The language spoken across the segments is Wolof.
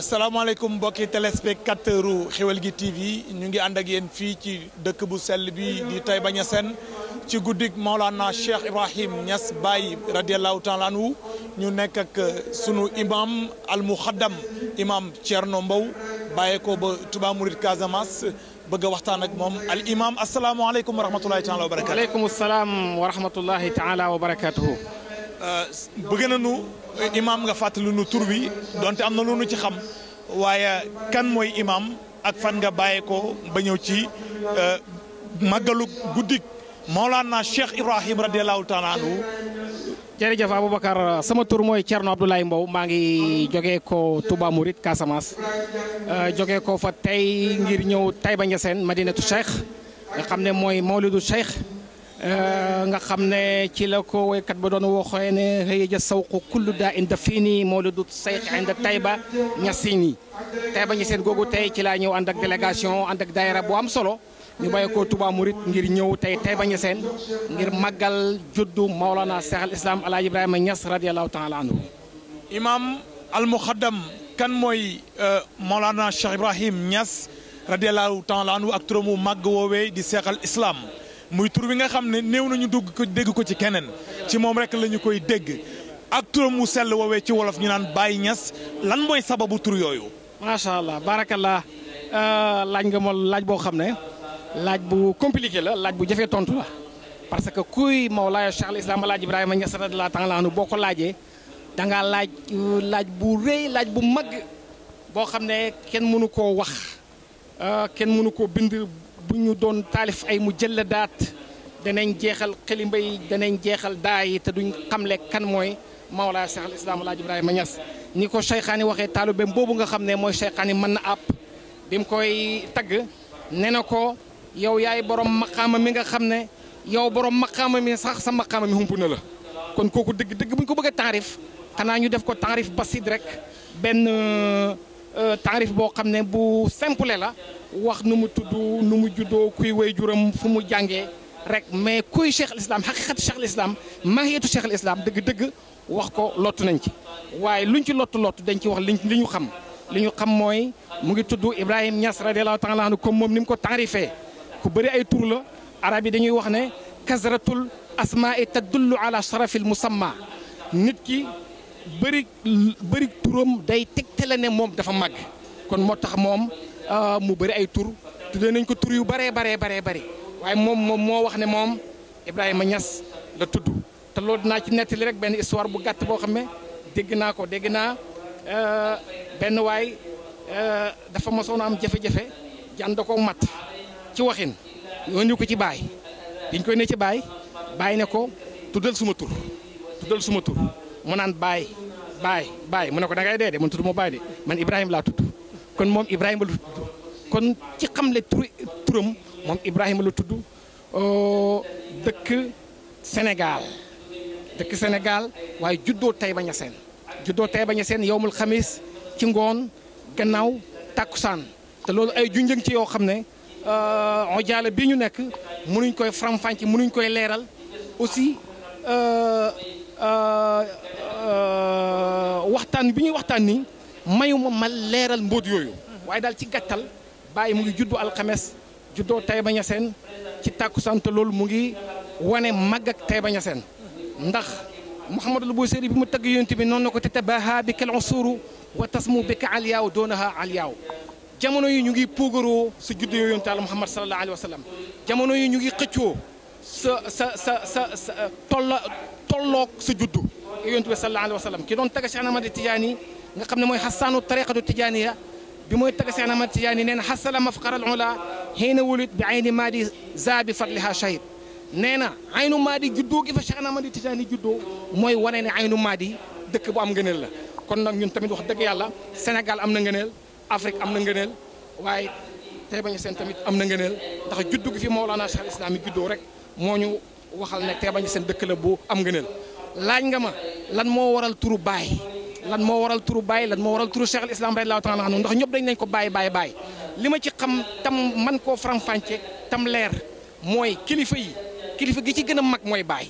salaamaaleykum mbokki téléspectateur u Xewel gi TV ñu ngi ànd ak yéen fii ci dëkk bu sell bi di Taïba Niassène ci guddik Maolana Cheikh Ibrahim Niass Baye radiallahu taala anhu ñu nekk ak sunu imam al muxaddam imam Thierno Mbow bàyyee ko ba Touba Mouride Casamance bëgg a waxtaan ak moom al imam asalaamaaleykum wa rahmatulahi taala wa barakatu aleykum salaam wa rahmatulahi taala wa barakatuhu euh, bëgg nañu Euh, imam nga fàttali nu tour bi donte am lu nu ci xam waaye kan moy imam ak fan nga bàyyee ko ba ñew ci euh, magalu guddik maulana Cheikh Ibrahim radiallahu taala anhu jeuf abubakar sama tour moy Thierno Abdoulaye Mbow ma ngi joge ko Touba Mourid Casamance euh, joge ko fa tay ngir ñëw Taïba Niassène Madinatu Cheikh nga xamne moy Cheikh Euh, nga xam ne ci la ko woykat ba doon waxee ne rëy ja sawqu kullu daa inda fii nii mawlidu sayx inda Tayba Ñaseen Tayba Ñaseen googu tey ci laa ñëw ànd ak délégation ànd ak daayira bu am solo ñu bàyyi ko Touba Mouride ngir ñëw tey Tayba Ñaseen ngir màggal juddu Mawlana Seex al Islam El Hadj Ibrahima Niass radiyallahu taala anhu. imaam al muxaddam kan mooy euh, Mawlana Cheikh Ibrahim Niass radiyallahu taala anhu ak turamu màgg woowee di Seex al Islam. muy tur bi nga xam ne néew nañu dugg ko dégg ko ci keneen ci moom rek la koy dégg ak turam mu sell woowee ci wolof ñu naan Baye Niass lan mooy sababu tur yooyu. macha allah barakallah euh, laaj nga ma laaj boo xam ne laaj bu compliqué la laaj bu jafee tontu la parce que kuy Mawlaaya Cheikh Islam Alaaji Ibrahima Niass radiyallaahu taala anhu boo ko laajee da ngaa laaj laaj bu rëy laaj bu mag boo xam ne kenn mënu koo wax euh, kenn mënu koo bind. bu ñu doon taalif ay mu jëlla daat danañ jeexal xalimba yi danañ jeexal daa yi te duñ xamle kan mooy Mawlaa Cheikh al Islam Alaaji Ibrahima Niass ni ko Cheikhaani waxee taalibeem boobu nga xam ne mooy Cheikhaani mën na àpp bi koy tagg ne na ko yow yaay borom maqaama mi nga xam ne yow borom maqaama mi sax sa maqaama mi humpu la kon kooku dëgg dëgg bu ñu ko bëggee taarif xanaa ñu def ko taarif basid rek benn euh, taarif boo xam ne bu simple la wax numu tuddu numu juddo kuy way juram fu mu jange rek mais kuy cheikh l'islam haqiqat cheikh l'islam mahiyatu cheikh l'islam deug deug wax ko lottu nañ ci waye luñ ci lottu lottu dañ ci wax liñ li xam liñu xam moy mu ngi tuddu Ibrahim nias radhiyallahu taala anhu comme mom nim ko tarifé ku bari ay tour la arab yi dañuy wax ne kasratul asma'i tadullu ala sharafil musamma nit ki bari bari turum day tektelane mom dafa mag kon motax mom Ah, mu bëri ay tur tuddee nañ ko tur yu bëree baree baree bëri waaye moom moom moo wax ne moom Ibrahima ñas la tudd te loolu dinaa ci nettali rek benn histoire bu gàtt boo xam ne dégg naa ko dégg naa euh, benn waay euh, dafa mosoon am jafe-jafe jànd ko mat ci waxin yónni ko ci baay diñ koy ne ci baay baay ne ko tuddal suma tur tuddal suma tur mu naan baay baay baay mu ne ko da ngay dee de man tudd moo baay de man Ibrahima laa tudd. kon moom Ibrahima la tudd kon ci xam le turam moom Ibrahima la tudd euh, dëkk Sénégal dëkk Sénégal waaye juddoo Taïba Niassène ba Taïba Niassène yowmul xamis ci ngoon gannaaw tàkkusaan te loolu ay junjëng ci yoo xam ne euh, ojaale bi ñu nekk mënuñ koy faram mënuñ koy leeral aussi euh, waxtaan bi ñuy waxtaan nii mayuma ma leeral mbóot yooyu waaye daal ci gàttal bàyyi mu ngi juddu alxames juddoo Taïba Niassène ci tàkkusaan te loolu mu ngi wane màgg ak Taïba Niassène ndax Mouhamadul Busiri bi mu tagg yonent bi noonu na ko te tabaha bi kel usuru wa tasmu bi ka aliyaaw doonaha aliyaaw jamono yi ñu ngi puugaroo sa juddu yooyu yonent Yàlla Muhammad sallallahu alayhi wa sallam jamono yi ñu ngi xëccoo sa sa sa sa sa tolla tolloog sa juddu yonent bi sallallahu alayhi wa sallam ki doon tagg Cheikh Ahmad Tijaani nga xamne moy hasanu tariqatu tijaniya bi moy tagg Seexna Ahmad tijani nee hasala mafqara mafqar al ula xiina wulit bi ayni madi zabi bi fadliha shahid nee aynu madi juddo gi fa Seexna Ahmad tijani juddo moy wane aynu madi dëkk bu am ngeenel la kon nak ñun tamit wax dëgg yàlla Sénégal am na ngëneel Afrique am na waye waaye Taïba Niassène tamit am na ngëneel ndax juddu gi fi Mawlana Cheikh Islam juddo rek moñu waxal ne Taïba sen dëkk la bu am ngeenel laaj nga ma lan mo waral turu baye lan mo waral turu bay lan mo waral turu Cheikh al Islam radiyallahu taala anhu ndax ñop dañ nañ ko bay bay bay lima ci xam tam man ko faram fanché tam leer moy kilifa yi kilifa gi ci gëna mag moy bay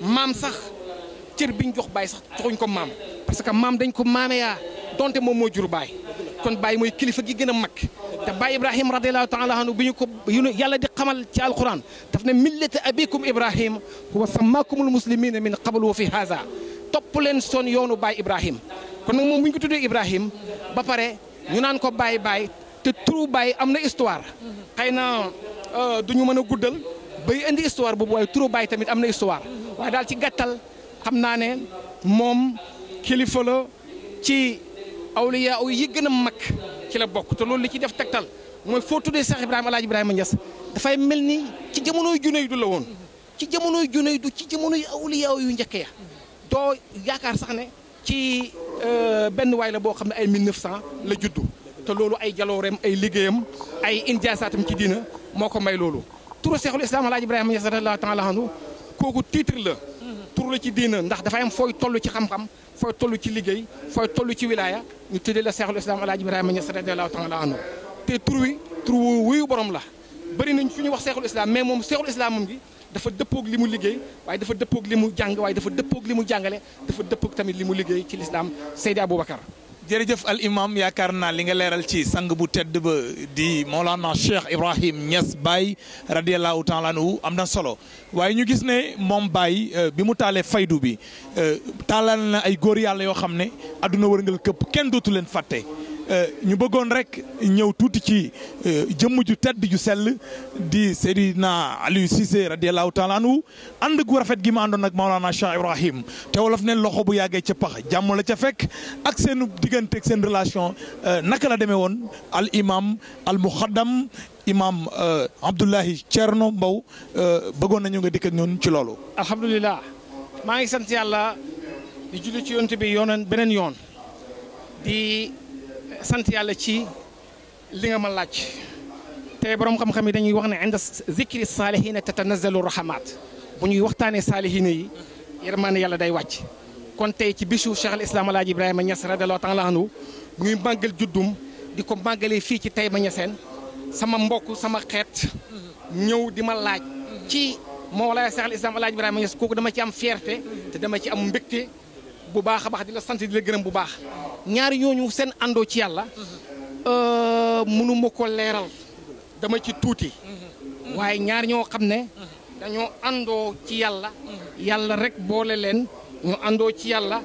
mam sax cër biñ jox bay sax joxuñ ko mam parce que mam dañ ko mamé ya donte mom mo jur bay kon bay moy kilifa gi gëna mag te bay Ibrahim radiyallahu taala anhu biñ ko yàlla di xamal ci alquran daf ne millata abikum Ibrahim huwa sammakumul muslimina min qablu wa fi hadha top len son yonu bay Ibrahim kon nag moom bu ñu ko tuddee Ibrahim ba pare ñu naan ko Baye Baye te turu Baye am na histoire xëy na euh, du ñu mën a guddal bay indi histoire boobu waaye turu Baye tamit am na histoire waaye daal ci gàttal xam naa ne moom kilifala la ci awliyaa yi gën a mag ci la bokk te loolu li ci def tegtal mooy foo tuddee Cheikh Ibrahima Alaaji Ibrahima Niass dafay mel ni ci jamonoy junay du la woon ci jamonoy junay du ci jamonoy awliyaa yu njëkk ya doo yaakaar sax ne ci Euh, benn waay la boo xam ne ay 1900 la juddu te loolu ay jalooreem ay liggéeyam ay injaasaatam ci diina moo ko may loolu. turu seexul islam alaaji Ibrahima Ñas radiyallaahu taala anhu kooku titre la. tur la ci diina ndax dafay am fooy toll ci xam-xam fooy toll ci liggéey fooy toll ci wilaya ñu tuddee la seexul islam alaaji Ibrahima Ñas radiyallaahu taala anhu te tur wi tur wuyu borom la bëri nañ fi ñu wax seexul islam mais moom seexul islam moom gi. dafa dëppoog li mu liggéey waaye dafa dëppoog li mu jàng waaye dafa dëppoog li mu jàngale dafa dëppoog tamit li mu liggéey ci lislaam Seydi Aboubacar jërëjëf al imam yaakaar naa li nga leeral ci sang bu tedd ba di Mawlana Cheikh Ibrahim Niass Baye radiallahu taala anhu am na solo waaye ñu gis ne moom Baye euh, bi mu taalee faydu bi euh, taalal na ay góor yàlla yoo xam ne adduna wërngal këpp kenn dootu leen fàtte Euh, ñu bëggoon rek ñëw tuuti ci euh, jëmm ju tedd ju sell di Seydina Aliou Cissé radiyallahu taala anhu ànd gu rafet gi ma àndoon ak Maolana Cheikh Ibrahim te wolof ne loxo bu yàggee ca pax jàmm la ca fekk ak seenu diggante seen relation euh, naka la demee woon al imam al muxaddam imam Abdoulahi Thierno Mbow bëggoon nañu nga dikk ak ñun ci loolu. alhamdulilah maa ngi sant yàlla di julli ci yonent bi yoon beneen yoon sant yàlla ci li nga ma laaj te borom xam-xam yi dañuy wax ne inda zikri saalihina tatanazalu rahamaat bu ñuy waxtaanee saalihina yi yërmaane yàlla day wàcc kon tey ci bisu Cheikh al Islam Alaaji Ibrahima Niass radiyallaahu taala anhu ñuy màggal juddum di ko màggalee fii ci tey Taïba Niassène sama mbokk sama xeet ñëw di ma laaj ci Mawlaaya Cheikh al Islam Alaaji Ibrahima Niass kooku dama ci am fierté te dama ci am mbégte. bu baax a baax di la sant gërëm bu baax ñaar ñooñu seen àndoo ci yàlla euh, mënuma ko leeral dama ci tuuti waaye ñaar ñoo xam ne dañoo àndoo ci yàlla yàlla rek boole leen ñu àndoo ci yàlla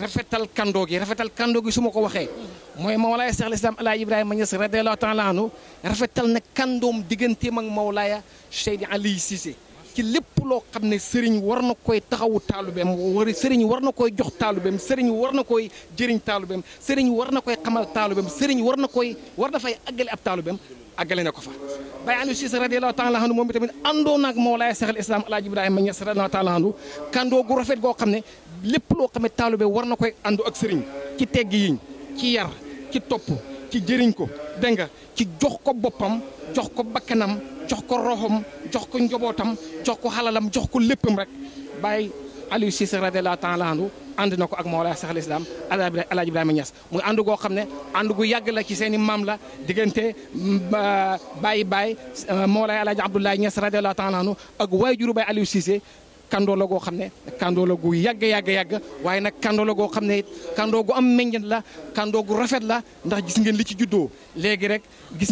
rafetal kandoo gi rafetal kàndoo gi su ma ko waxee mooy Mawlaaya Seex al Islaam Alaaji Ibrahima Ñas radiyallaahu taala anhu rafetal na kandoom digganteem ak Mawlaaya Seydi Ali Cissé ci lépp loo xam ne sëriñ war na koy taxawu taalubeem war sëriñ war na koy jox taalubeem sëriñ war na koy jëriñ taalubeem sëriñ war na koy xamal taalubeem sëriñ war na koy war dafay àggale ab taalubeem àggale na ko fa Baye Aliou Cissé radiyallahu taala anhu moom itamit àndoon naag Mawlaay Seexal Islaam Alaaji Ibrahima Ñas radiyallahu taala anhu kandoo gu rafet goo xam ne lépp loo xam ne taalube war na koy àndu ak sëriñ ci tegg yiñ ci yar ci topp ci jëriñ ko dégg nga ci jox ko boppam jox ko bakkanam jox ko roxam jox ko njobootam jox ko xalalam jox ko léppam rek bàyyi Aliou Cissé radiyallahu taala anhu ànd na ko ak Mawlaay Seex al Islaam Alaaji Ibrahima Ñas muy ànd goo xam ne ànd gu yàgg la ci seen i maam la diggante Baye mm, ah, Baye Mawlaay Alaaji Abdoulaye Ñas radiyallahu taala anhu ak waajuru Baye Aliou Cissé kandoo la goo xam ne kandoo gu yàgg yàgg yàgg waaye nag kandoo goo xam ne it kandoo gu am meññet la kandoo gu rafet la ndax gis ngeen li ci juddoo léegi rek gis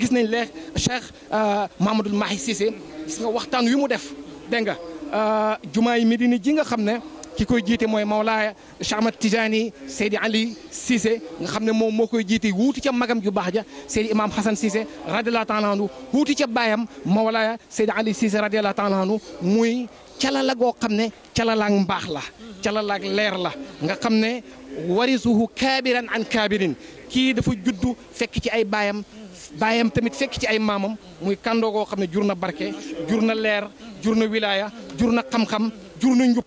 gis nañ lee Cheikh euh, Mahamadoul Mahi Cissé gis nga waxtaan wi mu def dégg euh, jumaa yi Medina ji nga xam ne ki koy jiite mooy Mawlaaya Cheikh Ahmad Tijaani Seydi Ali Cissé nga xam ne moom moo koy jiite wuuti ca magam ju baax ja Seydi Imam Hassan Cissé radiyallahu taala anhu wuuti ca baayam Mawlaaya Seydi Ali Cissé radiyallahu taala anhu muy calala goo xam ne calalaak mbaax la calalaak leer la nga xam ne warisuhu kaabiran an kaabirin kii dafa juddu fekk ci ay baayam baayam tamit fekk ci ay maamam muy kandoo goo xam ne jur na barke jur na leer jur na wilaaya jur na xam-xam jur na njub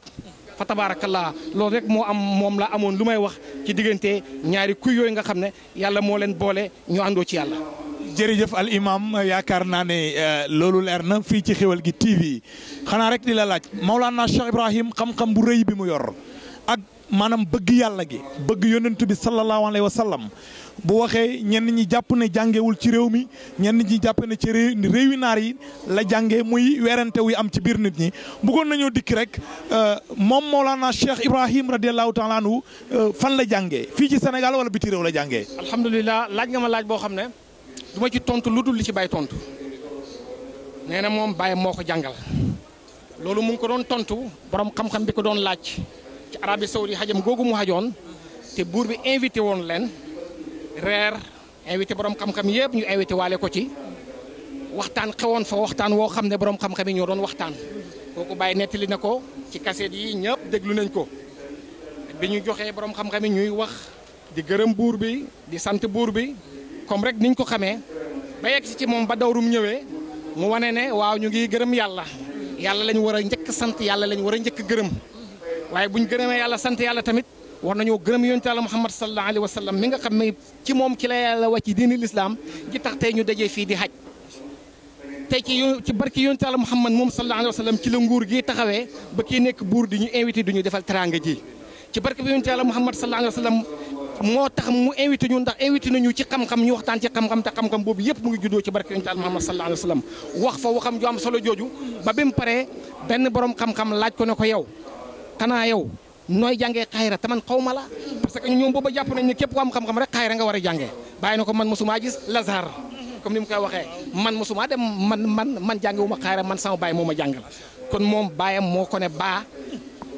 fa tabaarakallaa loolu rek moo am moom la amoon lu may wax ci diggante ñaari kuy yooyu nga xam ne yàlla moo leen boole ñu àndoo ci yàlla. jërëjëf al imam yaakaar naa ne euh, loolu leer na fii ci xéwal gi TV xanaa rek di la laaj Maulana Cheikh Ibrahim xam-xam bu rëy bi mu yor ak maanaam bëgg yàlla gi bëgg yonent bi sallallahu alayhi wa sallam bu waxee ñenn ñi jàpp ne jàngewul ci réew mi ñenn ñi jàpp ne ci réewi naar yi la jànge muy werante wi am ci biir nit ñi bu bëggoon nañoo dikk rek euh, moom Mawlana Cheikh Ibrahim radiallahu taala anhu euh, fan la jàngee fii ci Sénégal wala biti réew la jàngee. alhamdulilah laaj nga ma laaj boo xam ne du ma ci tontu lu dul li ci bay tontu nee na moom Baye moo ko jàngal loolu mu ngi ko doon tontu borom xam-xam bi ko doon laaj ci Arabie Saoudi xajam googu mu xajoon te buur bi invité woon leen. reer invité boroom xam-xam yëpp ñu invité waale ko ci waxtaan xewoon fa waxtaan woo xam ne boroom xam-xam yi ñoo doon waxtaan kooku bàyyi nettali na ko ci kaseet yi ñëpp déglu nañ ko bi ñu joxee boroom xam-xam yi ñuy wax di gërëm buur bi di sant buur bi comme rek niñ ko xamee ba yegg si ci moom ba dawrum ñëwee mu wane ne waaw ñu ngi gërëm yàlla yàlla lañu war a njëkk sant yàlla lañu war a njëkk gërëm waaye buñ gërëmee yàlla sant yàlla tamit. war nañoo gërëm yonent Yàlla Muhammad sallallahu alayhi wa sallam mi nga xam ne ci moom ci la yàlla wàcc diini lislaam gi tax tey ñu dajee fii di xaj tey ci ci barki yonent Yàlla Muhammad moom sallallahu alayhi wa sallam ci la nguur gi taxawee ba kii nekk buur di ñu invité du ñu defal teranga ji ci barki yonent Yàlla Muhammad sallallahu alayhi wa sallam moo tax mu invité ñu ndax invité nañu ci xam-xam ñu waxtaan ci xam-xam te xam-xam boobu yëpp mu ngi juddoo ci barke yonent al Muhammad sallallahu alayhi wa wax fa waxam ju am solo jooju ba bi mu benn borom xam laaj ko ne ko yow xanaa yow nooy jàngee xayra te man xaw ma la parce que ñoom booba jàpp nañ ne képp ku am xam-xam rek xayra nga war a jàngee bàyyi na ko man mosumaa gis lazar comme ni mu koy waxee man mosumaa dem man man man jànge wu ma xayra man sama baay moo ma jàngal kon moom baayam moo ko ne baa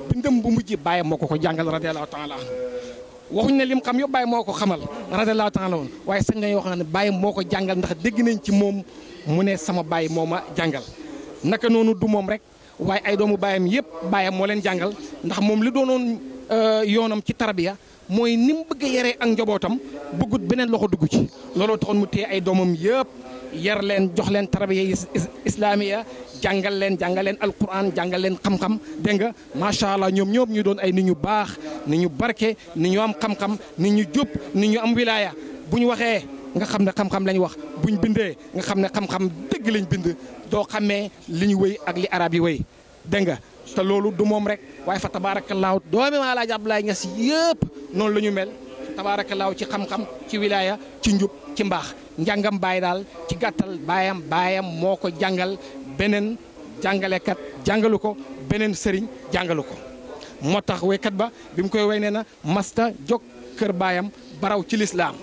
bindam bu mujj baayam moo ko ko jàngal radiallahu taala waxuñ ne lim xam yëpp bàyyi moo ko xamal radiallahu taala woon waaye sañ nañu wax ne bàyyi moo ko jàngal ndax dégg nañ ci moom mu ne sama bàyyi moo ma jàngal naka noonu du moom rek waaye ay doomu baayam yëpp baayam moo leen jàngal ndax moom li doonoon euh, yoonam ci tarbiya mooy ni mu bëgg a ak njabootam bëggut beneen loxo dugg ci looloo taxoon mu téye ay doomam yëpp yar leen jox leen tarbiya is islaamiya jàngal leen jàngal leen alquran jàngal leen xam-xam dégg nga macha allah ñoom ñoom ñu doon ay nit ñu baax nit ñu barke nit ñu am xam-xam nit ñu jub nit ñu am wilaaya bu ñu waxee. nga xam ne xam-xam lañ wax buñ bindee nga xam ne xam-xam dëgg lañ bind doo xamee li ñu wéy ak li arab yi wéy dégg nga te loolu du moom rek waaye fa tabaarakallaahu doomi maa laaj Abdoulaye Niass yëpp noonu la ñu mel tabaarakallaahu ci xam-xam ci wilaya ci njub ci mbaax njàngam baay daal ci gàttal baayam baayam moo ko jàngal beneen jàngalekat jàngalu ko beneen sëriñ jàngalu ko moo tax waykat ba bi mu koy way nee na masta jog kër baayam baraw ci lislaam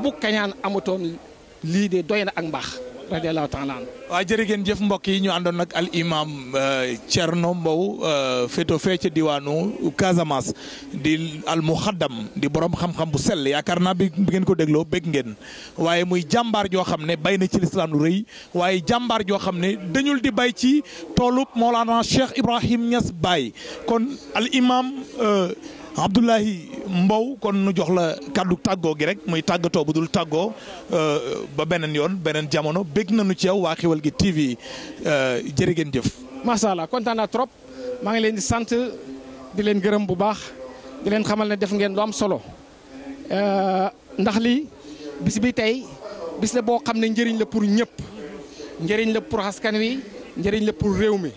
bu kañaan amutoon lii de doy na ak mbaax radiallahu taala an waaw jërë ngeen jëf mbokk yi ñu àndoon nag al imam euh, Thierno Mbow euh, féeto fee ca diwaanu Casamance di al muxaddam di borom xam-xam bu sell yaakaar naa bi ngeen ko dégloo bég ngeen waaye muy jàmbaar joo xam ne bay na ci lislaam rëy waaye jàmbaar joo xam ne dañul di bay ci toolub Mawlana Cheikh Ibrahim Niass Baye kon al imam euh, Abdoulaye Mbow kon nu jox la kàddu tàggoo gi rek muy tàggatoo bu dul tàggoo euh, ba beneen yoon beneen jamono bégg nañu ci yow waa Xewal gi TV euh, jërë ngeen jëf. macha allah kontaan trop maa ngi leen di sant di leen gërëm bu baax di leen xamal na def ngeen lu am solo euh, ndax li bis bi tey bis la boo xam ne njëriñ la pour ñëpp njëriñ la pour askan wi njëriñ la pour réew mi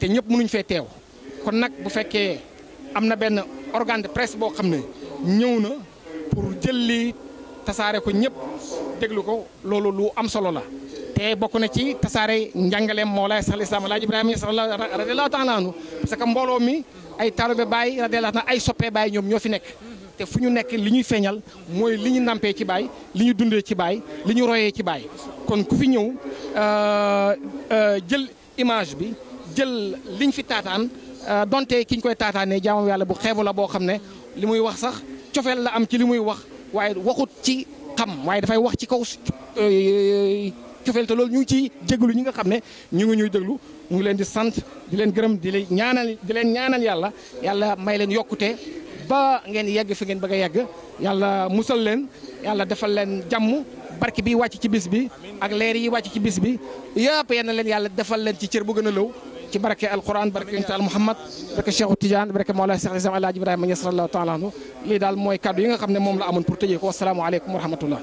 te ñëpp mënuñ fee teew kon nag bu fekkee am na benn. organe de presse boo xam ne ñëw na pour jël li tasaare ko ñëpp déglu ko loolu lu am solo la te bokk na ci tasaare njàngaleem Mawlaay Seex al Islaam Alaaji Ibrahima Ñas radiyallaahu taala anhu parce que mbooloo mi ay taalibe Baay radiyallaahu taala ay soppee Baay ñoom ñoo fi nekk te fu ñu nekk li ñuy feeñal mooy li ñu nampee ci Baay li ñu dundee ci Baay li ñu royee ci Baay kon ku fi ñëw euh, euh, jël image bi jël liñ fi taataan Euh, donte ki ñu koy taataanee jaamu yàlla bu xeebu la boo xam ne li muy wax sax cofeel la am ci li muy wax waaye waxut ci xam waaye dafay wax ci kaw euh, cofeel te loolu ñu ngi ciy déglu ñi nga xam ne ñu ngi ñuy déglu ñu ngi leen di sant di leen gërëm di leen ñaanal di leen ñaanal yàlla yàlla may leen yokkute ba ngeen yegg fi ngeen bëgg a yegg yàlla musal leen yàlla defal leen jàmm barke bi wàcc ci bis bi ak leer yi wàcc ci bis bi yëpp yenn leen yàlla defal leen ci cër bu gën a lëw كبرك القران بركه انت محمد بركه شيخ التجان بركه مولاي الشيخ الاسلام الله ابراهيم نصر الله تعالى لي دال موي كاد ييغا خا خني موم لا امون بور تيجي والسلام عليكم ورحمه الله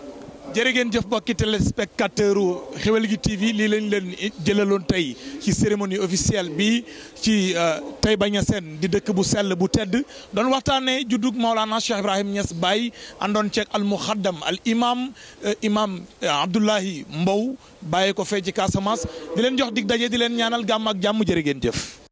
jërë ngeen jëf mbokki téléspectateur Xeweul gi TV lii lañ leen jëlaloon tey ci cérémonie officielle bi ci euh, Taïba Niassène di dëkk bu sell bu tedd doon waxtaanee juddug Maolana Cheikh Ibrahim Niass Baye àndoon ceeg al muxaddam al imam euh, imam euh, Abdoulahi Mbow bàyyi ko fee ci Casamance di leen jox dig daje di leen ñaanal gàmm ak jàmm jërë ngeen jëf.